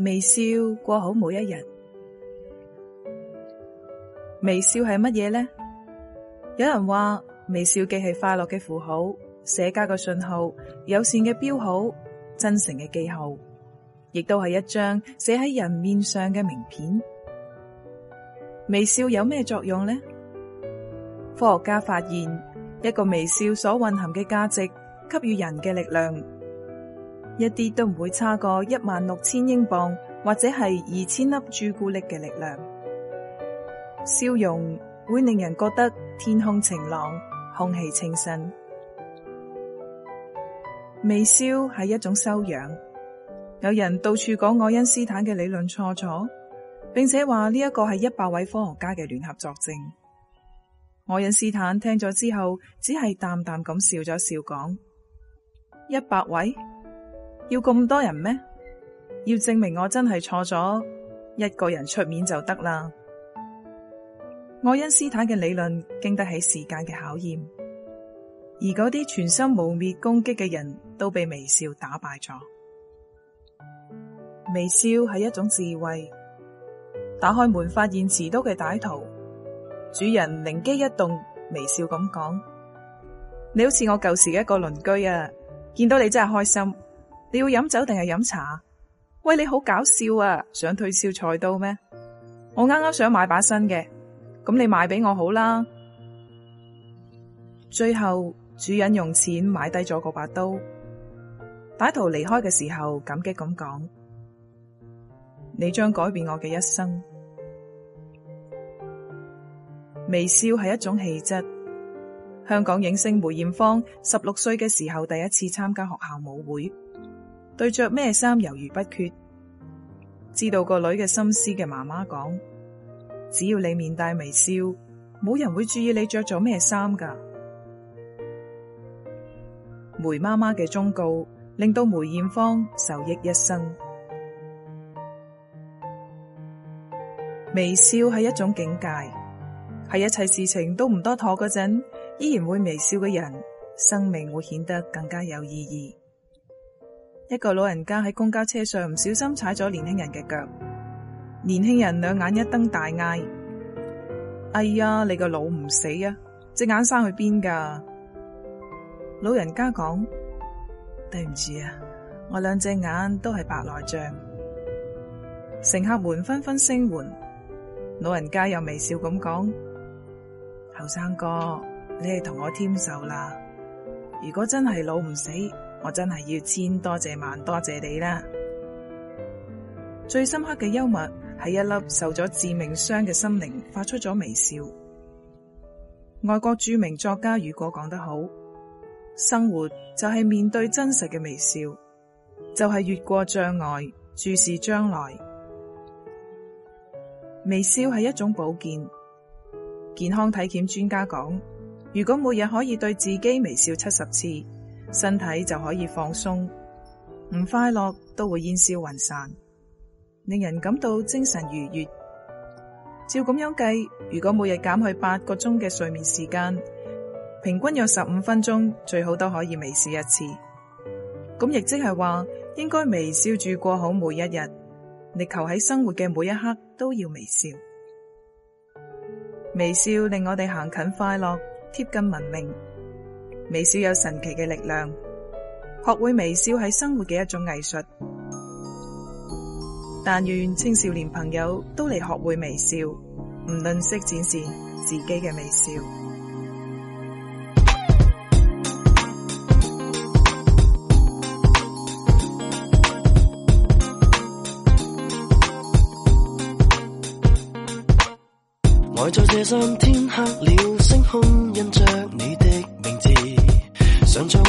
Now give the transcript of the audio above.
微笑過好每一日。微笑係乜嘢呢？有人話微笑既係快樂嘅符號，社交嘅信號，友善嘅標號，真誠嘅記號，亦都係一張寫喺人面上嘅名片。微笑有咩作用呢？科學家發現一個微笑所蘊含嘅價值，給予人嘅力量。一啲都唔會差過一萬六千英鎊或者係二千粒朱古力嘅力量。笑容會令人覺得天空晴朗，空氣清新。微笑係一種修養。有人到處講愛因斯坦嘅理論錯錯，並且話呢一個係一百位科學家嘅聯合作證。愛因斯坦聽咗之後，只係淡淡咁笑咗笑，講一百位。要咁多人咩？要證明我真係錯咗，一個人出面就得啦。愛因斯坦嘅理論經得起時間嘅考驗，而嗰啲全心污蔑攻擊嘅人都被微笑打敗咗。微笑係一種智慧。打開門，發現持刀嘅歹徒，主人靈機一動，微笑咁講：你好似我舊時嘅一個鄰居啊，見到你真係開心。你要飲酒定係飲茶？喂，你好搞笑啊！想推銷菜刀咩？我啱啱想買把新嘅，咁你買俾我好啦。最後主人用錢買低咗嗰把刀。歹徒離開嘅時候，感激咁講：你將改變我嘅一生。微笑係一種氣質。香港影星梅艷芳十六歲嘅時候，第一次參加學校舞會。對着咩衫猶豫不決，知道個女嘅心思嘅媽媽講：只要你面帶微笑，冇人會注意你着咗咩衫㗎。梅媽媽嘅忠告令到梅艷芳受益一生。微笑係一種境界，係一切事情都唔多妥嗰陣，依然會微笑嘅人，生命會顯得更加有意義。一個老人家喺公交車上唔小心踩咗年輕人嘅腳，年輕人兩眼一瞪大嗌：哎呀，你個老唔死啊！隻眼生去邊噶？老人家講：對唔住啊，我兩隻眼都係白內障。乘客們紛紛聲援，老人家又微笑咁講：後生哥，你係同我添壽啦！如果真係老唔死。我真係要千多謝萬多謝你啦！最深刻嘅幽默係一粒受咗致命傷嘅心靈發出咗微笑。外國著名作家如果講得好，生活就係面對真實嘅微笑，就係越過障礙，注視將來。微笑係一種保健。健康體檢專家講，如果每日可以對自己微笑七十次，身體就可以放鬆，唔快樂都會煙消雲散，令人感到精神愉悦。照咁樣計，如果每日減去八個鐘嘅睡眠時間，平均有十五分鐘，最好都可以微笑一次。咁亦即係話，應該微笑住過好每一日，力求喺生活嘅每一刻都要微笑。微笑令我哋行近快樂，貼近文明。微笑有神奇嘅力量，學會微笑係生活嘅一種藝術。但願青少年朋友都嚟學會微笑，唔吝惜，展示自己嘅微笑。愛 在這山天黑了，星空印着你的。